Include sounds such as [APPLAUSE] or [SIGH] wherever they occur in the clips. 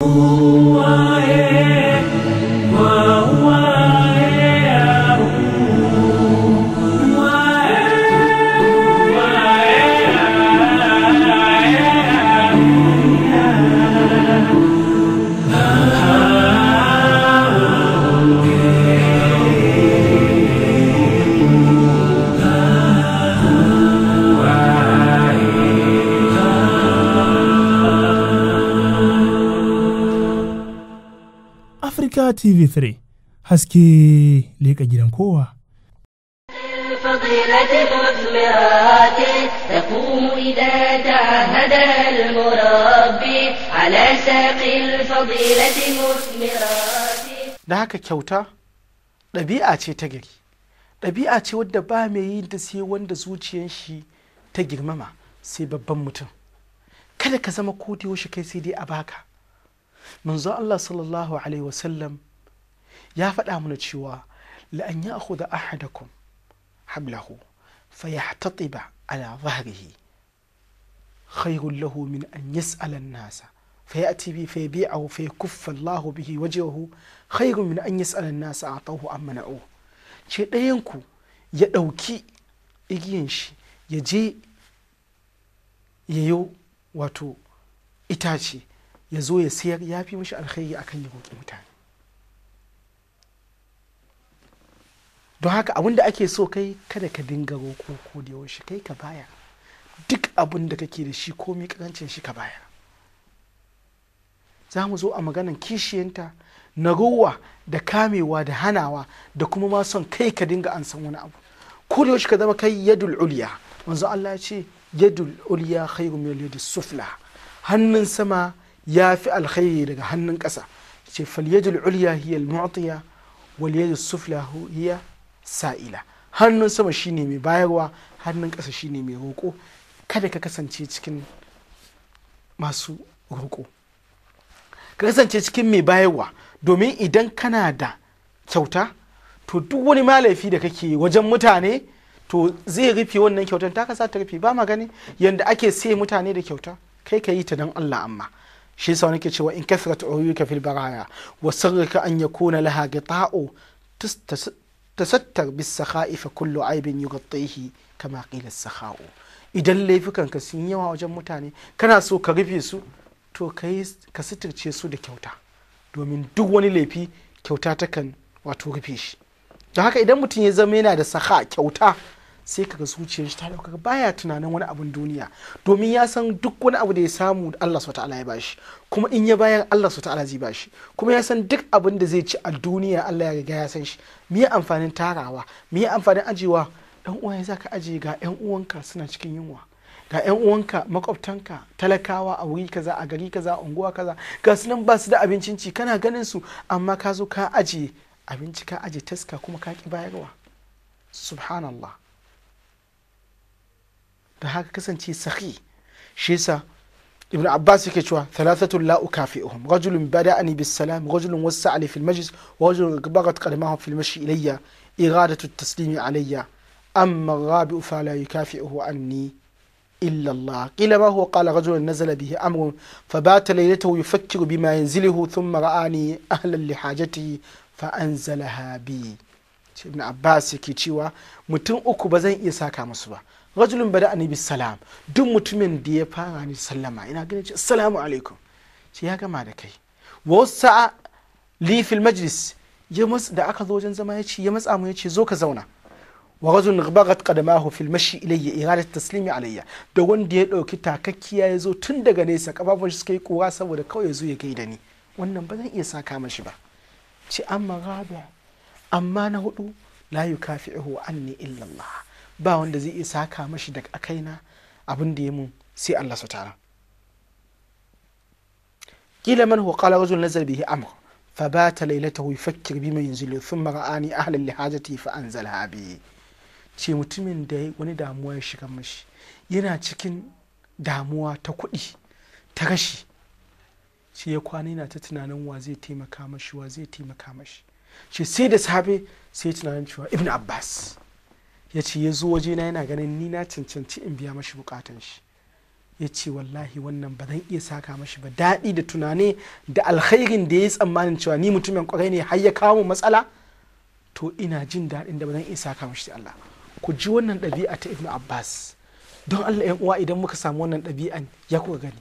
Oh. Africa TV3 haske leka gidan kowa. تقوم إذا تعهدها المربي على ساق الفضيلة مثمرات da haka kyauta ɗabi'a ce ta gari ɗabi'a ce wadda ba mai yi ta sai wanda zuciyar shi ta girmama sai babban mutum kada ka zama ko da yaushe kai sai dai a baka manzo Allah sallallahu alaihi wasallam ya faɗa mana cewa la'an ya aku da ahadakum hablahu fa ya tatsiba ala zahrihi khairun lahu min an yas'ala nasa fa ya bi fa ya bi'ahu fa ya kuffa Allah bihi wajahu khairun min an yas'ala nasa atahu an mana'u ce ɗayan ku ya ɗauki igiyan shi ya je yayo wato itace ya zo ya sayar ya fi mashi alkhairi akan ya mutane don haka abin da ake so kai kada ka dinga roko ko da yaushe kai ka baya duk abin da kake da shi komi karancin shi ka baya za mu zo a maganan kishiyanta na rowa da kamewa da hanawa da kuma ma son kai ka dinga an san wani abu ko da yaushe ka zama kai yadul uliya manzo Allah ya ce yadul uliya khairu min yadis sufla hannun sama ya fi alkhairi daga hannun ƙasa ce falyajul ulya hiya al-mu'tiya wal sufla hiya sa'ila hannun sama shine mai bayarwa hannun ƙasa shine mai roƙo kada ka kasance cikin masu roƙo ka kasance cikin mai bayarwa domin idan kana da kyauta to duk wani malafi da kake wajen mutane to zai rufe wannan kyautar ta kasa ta rufe ba ma gani yanda ake sai mutane da kyauta kai ka yi ta don Allah amma shi yasa wani ke cewa in kasrat ka fil baraya wa sirrika an kuna laha qita'u tasattar bis sakha'i fa kullu aibin yughatihi kama qila sakha'u idan laifukanka sun yawa wajen mutane kana so ka rufe su to ka sitirce su da kyauta domin duk wani laifi kyauta takan wato rufe shi don haka idan mutum ya zama yana da saha kyauta sai kaga zuciyar shi ta dauka baya tunanin wani abun duniya domin ya san duk wani abu da ya samu Allah subhanahu ta'ala ya bashi kuma in ya bayar Allah subhanahu ta'ala zai bashi kuma ya san duk abin da zai ci a duniya Allah ya riga ya san shi me ya amfanin tarawa me ya amfanin ajewa dan uwa ya ka ajiye ga yan uwanka suna cikin yunwa ga yan uwanka makwabtanka talakawa a wuri kaza a gari kaza a unguwa kaza ga su nan ba su da abincin ci kana ganin su amma ka zo ka aje abinci ka aje taska kuma ka ki bayarwa subhanallah da haka kasance sahi shi yasa ibn abbas yake cewa thalathatu la ukafi'uhum rajulun bada'ani bis salam rajulun wasa'ali fil majlis wa rajulun bagat qadamahu fil mashi ilayya iradatu at-taslim alayya amma ar-rabi'u fala yukafi'uhu anni إلا الله قيل ما هو قال رجل نزل به أمر فبات ليلته يفكر بما ينزله ثم رآني أهلا لحاجته فأنزلها بي ابن عباس يكي cewa mutum uku ba zan iya saka musu ba rajulun bada ani salam duk mutumin da ya fara ni sallama ina ganin ce assalamu alaikum ce ya gama da kai wa wasa li fil majlis ya matsa da aka zo wajen zama ya ce ya matsa mu ya ce zo ka zauna wa rajulun ghabagat qadamahu fil mashi ilayya iradat taslimi alayya da wanda ya dauki takakkiya ya zo tun daga nesa kafafun shi suka yi kura saboda kawai ya zo ya gaida ni wannan ba zan iya saka mashi ba ce amma rabi amma na hudu la yukafi'uhu anni illa Allah ba wanda zai iya saka mashi da akaina abin da ya mun sai Allah su tara kila man huwa qala rajul nazal bihi amr fa bata laylatahu yafakkir bima yunzilu thumma ra'ani ahlan li fa anzalha bi ce mutumin da wani damuwa ya shiga mashi yana cikin damuwa ta kuɗi ta rashi ce ya kwana yana ta tunanin wa zai taimaka mashi wa zai taimaka mashi ce sai da safe sai tunanin cewa ibn abbas ya ce ya zo wajena yana ganin ni na cancanci in biya mashi bukatan shi ya ce wallahi wannan ba zan iya saka mashi ba daɗi da tunani da alkhairin da ya yi tsammanin cewa ni mutumin kwarai ne har ya kawo matsala to ina jin daɗin da ba zan iya saka mashi Allah ku ji wannan ɗabi'a ta ibnu Abbas don Allah yan uwa idan muka samu wannan ɗabi'an ya kuka gani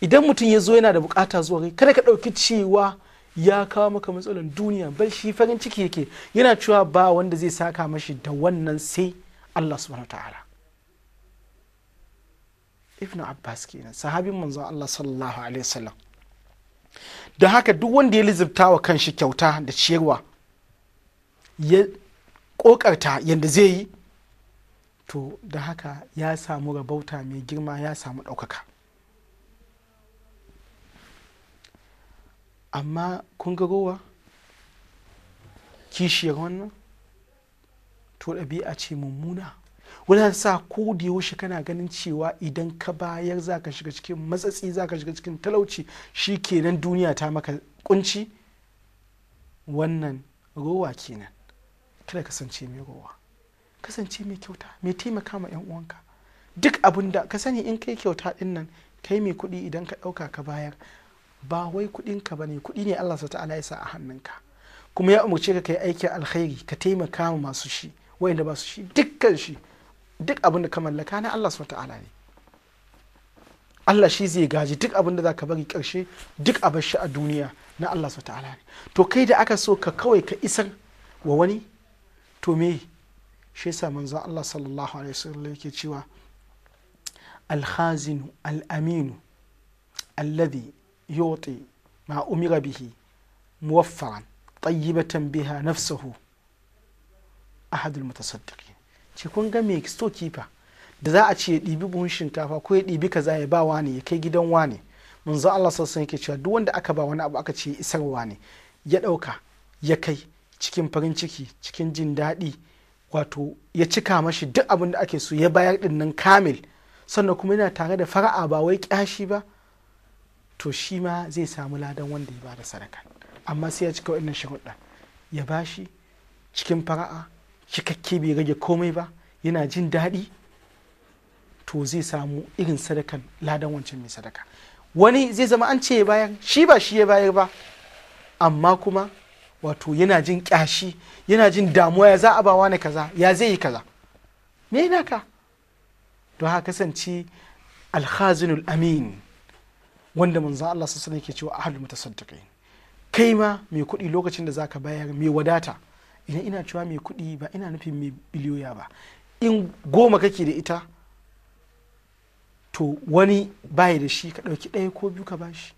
idan mutum ya zo yana da bukata zuwa kai kada ka ɗauki cewa ya kawo maka matsalan duniya bal shi farin ciki yake yana cewa ba wanda zai saka mashi da wannan sai Allah subhanahu ta'ala ibnu abbas kenan sahabin manzon Allah sallallahu alaihi wasallam da haka duk wanda ya lizabta wa kanshi kyauta da ciyarwa ya kokarta yadda zai yi to da haka ya samu rabauta mai girma ya samu ɗaukaka amma kun ga rowa kishiyar wannan to ɗabi'a ce mummuna wadda sa ko da yaushe kana ganin cewa idan ka bayar za ka shiga cikin matsatsi za ka shiga cikin talauci shi kenan duniya ta maka kunci wannan rowa kenan kada kasance mai rowa kasance mai kyauta mai taimaka ma 'yan uwanka duk abinda ka sani in kai kyauta dinnan kai mai kuɗi idan ka ɗauka ka bayar ba wai kuɗinka ba ne kuɗi ne Allah sa ta'ala ya sa a hannunka kuma ya umarce ka kai aikin alkhairi ka taimaka ma masu shi wayanda ba su shi dukkan shi duk abin da ka mallaka na Allah sa ta'ala ne Allah shi zai gaji duk abin da za ka bari ƙarshe duk a shi a duniya na Allah sa ta'ala ne to kai da aka so ka kawai ka isar wa wani to me shi yasa manzon Allah sallallahu alaihi wasallam yake cewa alhazinu al'aminu alladhi يعطي ما أمر به موفرا طيبة بها نفسه أحد المتصدقين ce kun ga mai kifa da za a ce ya ɗibi buhun shinkafa ko ya ɗibi kaza ya ba wani ya kai gidan wani manzo Allah sassan yake cewa duk wanda aka ba wani abu aka ce isarwa ne ya ɗauka ya kai cikin farin ciki cikin jin daɗi wato ya cika mashi duk abin da ake so ya bayar dinnan kamil sannan kuma yana tare da fara'a ba wai kyashi ba to shi ma zai samu ladan wanda ya bada sadaka amma sai ya cika wannan sharuɗa ya bashi cikin fara'a cikakke bai rage komai ba yana jin daɗi to zai samu irin sadakan ladan wancan mai sadaka wani zai zama an ce ya bayar shi ba shi ya bayar ba amma kuma wato yana jin ƙyashi yana jin damuwa ya za a bawa na kaza ya zai yi kaza me ka to haka kasance alhazinul amin wanda manzan Allah sassan yake cewa ahadul mutasaddiqin kai ma mai kuɗi lokacin da zaka bayar mai wadata idan ina cewa mai kuɗi ba ina nufin mai biliyoya ba in goma kake da ita to wani bayi da shi ka ɗauki ɗaya ko biyu ka bashi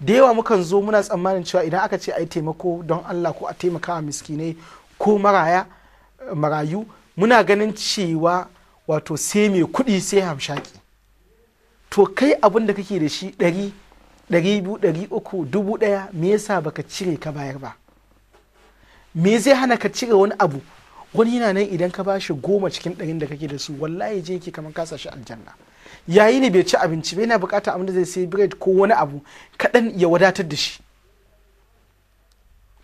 da yawa mukan zo muna tsammanin cewa idan aka ce a yi taimako don Allah ko a taimaka wa miskinai ko maraya marayu muna ganin cewa wato sai mai kuɗi sai hamshaki to kai abin da kake da shi ɗari ɗari biyu ɗari uku dubu ɗaya me yasa baka cire ka bayar ba me zai hana ka cire wani abu wani yana nan idan ka bashi goma cikin ɗarin da kake da su wallahi je yake kamar kasa shi aljanna yayi ne bai ci abinci ba yana bukata abin da zai sai bread ko wani abu kaɗan ya wadatar da shi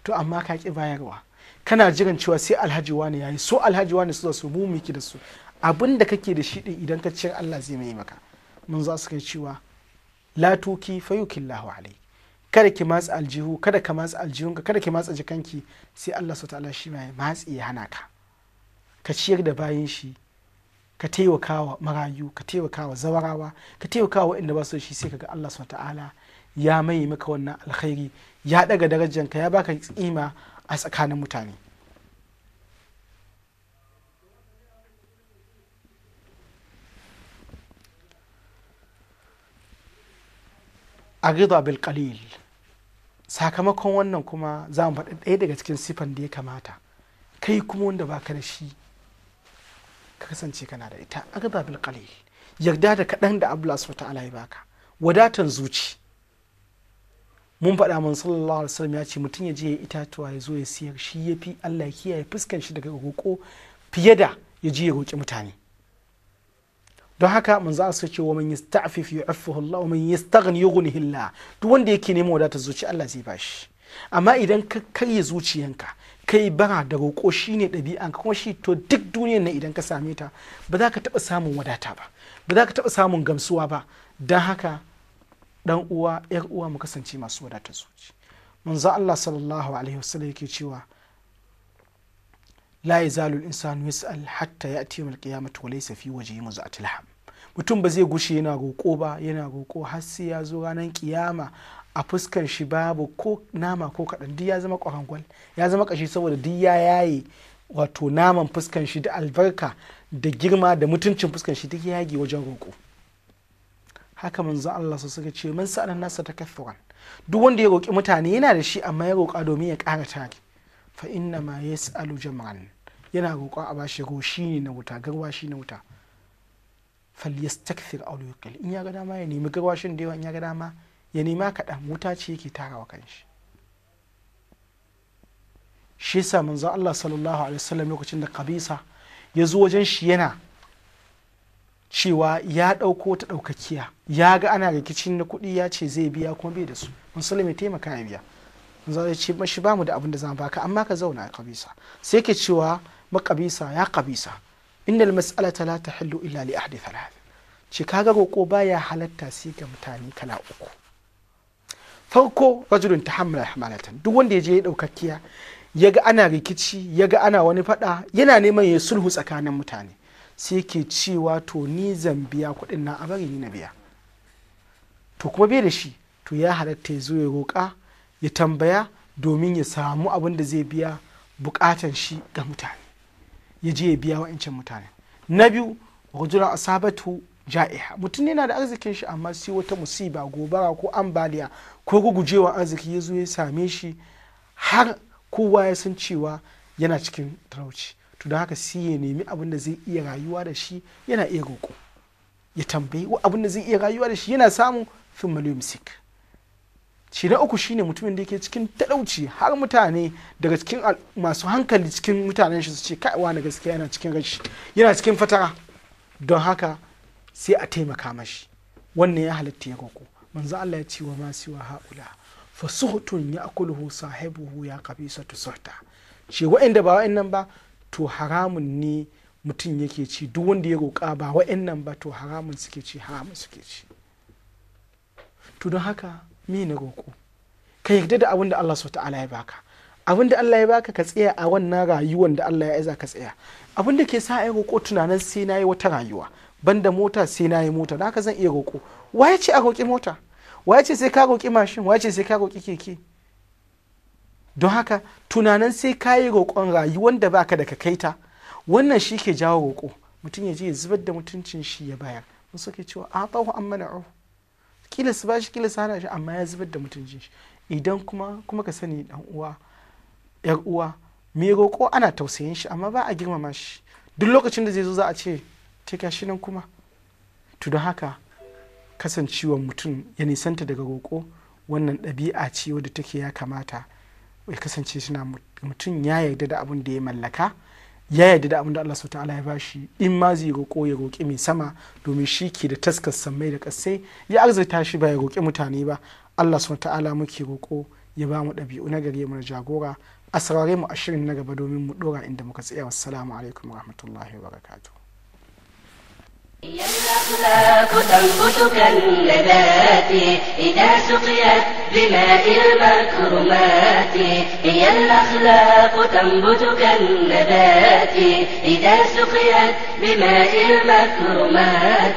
to amma ka ki bayarwa kana jiran cewa sai alhaji wani yayi so alhaji wani su zo su mu miki da su abin da kake da shi idan ka cire Allah zai mai maka mun za su kai cewa latuki fayukillahu alai kada ki matsa aljihu kada ka matsa ka kada ki matsa jikanki sai Allah su ta'ala shi mai matsi ya hana ka ka ciyar da bayan shi ka taimaka wa marayu ka taimaka wa zawarawa ka taimaka wa inda ba su shi sai kaga Allah su ta'ala ya mai maka wannan alkhairi ya daga ka ya baka tsima a tsakanin mutane a qalil sakamakon wannan kuma za mu faɗi ɗaya daga cikin sifan da ya kamata kai kuma wanda baka da shi ka kasance kana da ita a qalil yarda da kaɗan da Allah subhanahu ta'ala ya baka wadatan zuci mun faɗa mun sallallahu alaihi wasallam ya ce mutum ya je ya itatuwa ya zo ya siyar shi ya fi Allah ya kiyaye fuskan shi daga roƙo fiye da ya je ya roƙi mutane don haka manzo Allah ce wa man yasta'fif yu'affihu Allah wa man yastaghni yughnihi Allah duk wanda yake neman wadata zuci Allah zai bashi amma idan ka karya zuciyanka kai bara da roƙo ne ɗabi'an kuma shi to duk duniyar na idan ka same ta ba za ka taɓa samun wadata ba ba za ka taɓa samun gamsuwa ba don haka dan uwa yar uwa mu kasance masu wadatar zuci manzo Allah sallallahu alaihi wasallam yake cewa la yazalu al-insanu yas'al hatta ya yawm al-qiyamah wa laysa fi wajhihi muz'atul ham mutum ba zai gushe yana roƙo ba yana roƙo har sai ya zo ranar kiyama a fuskar shi babu ko nama ko kaɗan duk ya zama ƙwarangwal ya zama ƙashi saboda duk ya yaye wato naman fuskan shi da albarka da girma da mutuncin fuskan shi duk yage wajen roƙo haka manzon Allah su suka ce man sa'anan nasa takaffuran duk wanda ya roƙi mutane yana da shi amma ya roƙa domin ya ƙara tare fa inna ma yas'alu jam'an yana roƙo a bashi roshi ne na wuta garwa shi na wuta falyastakthir aw yuqil in ya ga dama ya nemi garwashin da yawa in ya ga dama ya nema kaɗan wuta ce yake tarawa kanshi shi yasa manzo Allah sallallahu alaihi wasallam lokacin da kabisa ya zo wajen shi yana cewa ya ɗauko ta ɗaukakiya ya ga ana rikicin na kuɗi ya ce zai biya kuma bai da su musulmi ya taimaka ya biya manzo ya ce mashi bamu da abin da zan baka amma ka zauna a kabisa sai ke cewa makabisa ya kabisa Inda mas'ala ta lata hallu illa li ahdi thalath ce kaga roƙo baya halatta sai ga mutane kala uku farko rajulun tahammala hamalatan duk wanda ya je ya daukakkiya ya ga ana rikici ya ga ana wani fada yana neman ya sulhu tsakanin mutane sai ke cewa to ni zan biya kuɗin na a bari ni na biya to kuma bai da shi to ya halatta ya zo ya roƙa ya tambaya domin ya samu abin da zai biya bukatan shi ga mutane ya je ya biya wa'ancin mutane na biyu rajula asabatu ja'iha mutum yana da arzikin shi amma sai wata musiba gobara ko ambaliya ko gugujewa arziki ya zo ya same shi har kowa ya san cewa yana cikin talauci to da haka sai ya nemi abin da zai iya rayuwa da shi yana iya roƙo ya tambayi abin da zai iya rayuwa da shi yana samu fin sik shi na uku shine mutumin da yake cikin taɗauci har mutane daga cikin masu hankali cikin mutanen shi su ce kaiwa wani gaskiya yana cikin rashi yana cikin fatara don haka sai a taimaka mashi wannan ya halatta ya koko manzo Allah ya ce wa masu wa haula fa suhtun ya'kuluhu sahibuhu ya qabisatu suhta ce wa'anda ba wa'annan ba to haramun ne mutum yake ci duk wanda ya roka ba wa'annan ba to haramun suke ci haramun suke ci to don haka mi na roƙo ka yarda da abin da Allah subhanahu ta'ala ya baka abin da Allah ya baka ka tsaya a wannan rayuwan da Allah ya aiza ka tsaya abin da ke sa ai roƙo tunanin sai na wata rayuwa banda mota sai na yi mota haka zan iya roƙo waye ce a roƙi mota waye ce sai ka roƙi mashin waye ce sai ka roƙi keke don haka tunanin sai ka yi roƙon rayuwar da baka da ka kai ta wannan shi ke jawo roƙo mutum ya je ya zubar da mutuncin shi ya bayar mun suke cewa a tsawo an mana kila su bashi kila su hana shi amma ya zubar da mutuncin shi idan kuma kuma ka sani dan uwa yar uwa me roƙo ana tausayin shi amma ba a girmama shi duk lokacin da zai zo za a ce take shi nan kuma to don haka kasancewar mutum ya nisanta daga roƙo wannan ɗabi'a ce wadda take ya kamata ya kasance suna mutum ya yarda da abin da ya mallaka ya yarda da abin da Allah subhanahu ta'ala ya bashi in ma zai roƙo ya roƙi mai sama domin shi ke da taskar samai da ƙasai ya arzita shi ba ya roƙi mutane ba Allah subhanahu ta'ala muke roƙo ya ba mu ɗabi'u na gari mu jagora a saurare mu ashirin na gaba domin mu ɗora inda muka tsaya wassalamu alaikum rahmatullahi wa barakatuh الأخلاق تنبت إذا سقيت بماء المكرمات هي الأخلاق تنبت كالنبات إذا سقيت بماء المكرمات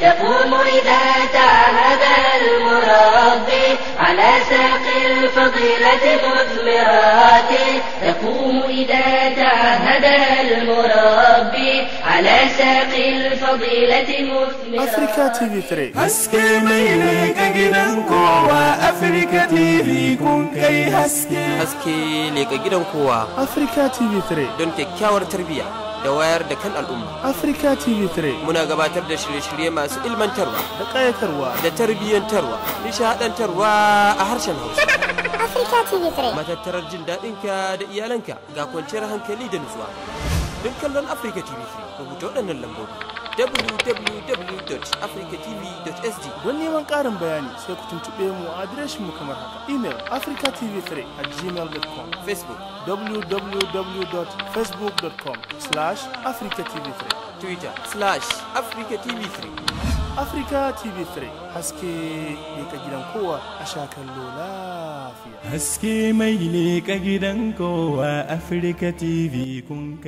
تقوم إذا تعهد المربي على ساق الفضيلة مثمرات تقوم إذا تعهد المربي على ساق الفضيلة مثمرات أفريكا تي في 3 Afirka TV kun kai haske. Haske ne ga gidan kowa. Afirka TV 3 don kyakkyawar tarbiyya da wayar da kan al'umma. Afirka TV 3 muna gabatar da shirye-shirye masu ilmantarwa da ƙayatarwa da tarbiyyantarwa, nishaɗantarwa a harshen Hausa. [LAUGHS] Afirka TV 3 matattarar jin daɗinka da iyalanka ga kwanciyar hankali da nutsuwa. Don kallon Afirka TV 3 rubuta waɗannan lambobi. www.africatv.sg don neman ƙarin bayani sai ku tuntube mu a adireshin mu kamar haka email africatv3 a gmail.com facebook www.facebook.com slash africatv3 twitter slash africatv3 Africa TV3 haske ne ka gidan kowa a shakan lafiya. Haske mai ne ka gidan kowa Africa TV kun